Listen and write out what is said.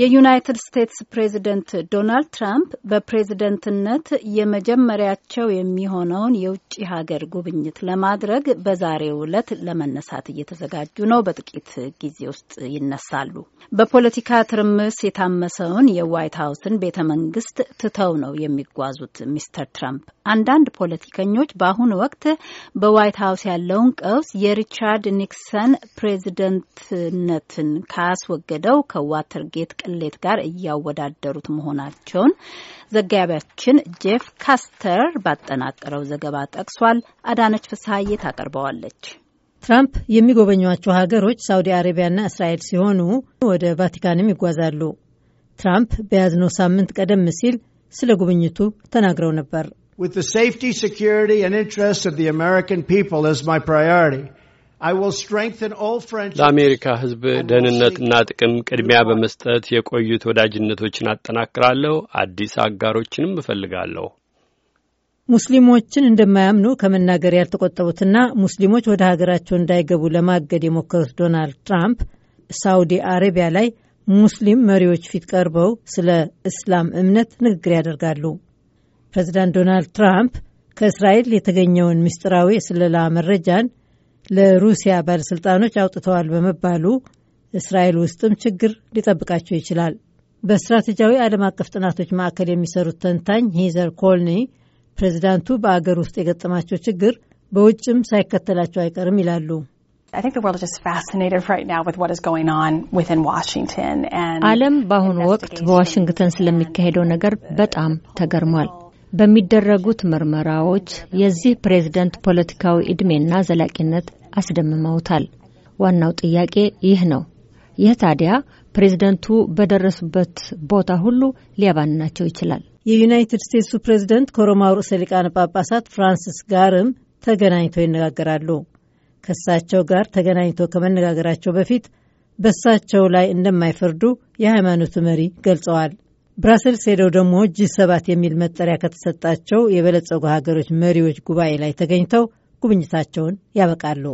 የዩናይትድ ስቴትስ ፕሬዝደንት ዶናልድ ትራምፕ በፕሬዝደንትነት የመጀመሪያቸው የሚሆነውን የውጭ ሀገር ጉብኝት ለማድረግ በዛሬው ዕለት ለመነሳት እየተዘጋጁ ነው። በጥቂት ጊዜ ውስጥ ይነሳሉ። በፖለቲካ ትርምስ የታመሰውን የዋይት ሀውስን ቤተ መንግስት ትተው ነው የሚጓዙት ሚስተር ትራምፕ። አንዳንድ ፖለቲከኞች በአሁኑ ወቅት በዋይት ሀውስ ያለውን ቀውስ የሪቻርድ ኒክሰን ፕሬዝደንትነትን ካስወገደው ከዋተርጌት ቅሌት ጋር እያወዳደሩት መሆናቸውን ዘጋቢያችን ጄፍ ካስተር ባጠናቀረው ዘገባ ጠቅሷል። አዳነች ፍስሀዬ ታቀርበዋለች። ትራምፕ የሚጎበኟቸው ሀገሮች ሳውዲ አረቢያና እስራኤል ሲሆኑ ወደ ቫቲካንም ይጓዛሉ። ትራምፕ በያዝነው ሳምንት ቀደም ሲል ስለ ጉብኝቱ ተናግረው ነበር። With the safety, security, and interests of the American people as my priority, ለአሜሪካ ሕዝብ ደህንነትና ጥቅም ቅድሚያ በመስጠት የቆዩት ወዳጅነቶችን አጠናክራለሁ፣ አዲስ አጋሮችንም እፈልጋለሁ። ሙስሊሞችን እንደማያምኑ ከመናገር ያልተቆጠቡትና ሙስሊሞች ወደ ሀገራቸው እንዳይገቡ ለማገድ የሞከሩት ዶናልድ ትራምፕ ሳውዲ አረቢያ ላይ ሙስሊም መሪዎች ፊት ቀርበው ስለ እስላም እምነት ንግግር ያደርጋሉ። ፕሬዚዳንት ዶናልድ ትራምፕ ከእስራኤል የተገኘውን ምስጢራዊ የስለላ መረጃን ለሩሲያ ባለሥልጣኖች አውጥተዋል በመባሉ እስራኤል ውስጥም ችግር ሊጠብቃቸው ይችላል። በስትራቴጂያዊ ዓለም አቀፍ ጥናቶች ማዕከል የሚሰሩት ተንታኝ ሂዘር ኮልኒ ፕሬዚዳንቱ በአገር ውስጥ የገጠማቸው ችግር በውጭም ሳይከተላቸው አይቀርም ይላሉ። ዓለም በአሁኑ ወቅት በዋሽንግተን ስለሚካሄደው ነገር በጣም ተገርሟል። በሚደረጉት ምርመራዎች የዚህ ፕሬዝደንት ፖለቲካዊ ዕድሜና ዘላቂነት አስደምመውታል። ዋናው ጥያቄ ይህ ነው። ይህ ታዲያ ፕሬዝደንቱ በደረሱበት ቦታ ሁሉ ሊያባንናቸው ይችላል። የዩናይትድ ስቴትሱ ፕሬዝደንት ከሮማው ርዕሰ ሊቃነ ጳጳሳት ፍራንሲስ ጋርም ተገናኝተው ይነጋገራሉ። ከእሳቸው ጋር ተገናኝቶ ከመነጋገራቸው በፊት በእሳቸው ላይ እንደማይፈርዱ የሃይማኖቱ መሪ ገልጸዋል። ብራስልስ ሄደው ደግሞ ጂ ሰባት የሚል መጠሪያ ከተሰጣቸው የበለጸጉ ሀገሮች መሪዎች ጉባኤ ላይ ተገኝተው ጉብኝታቸውን ያበቃሉ።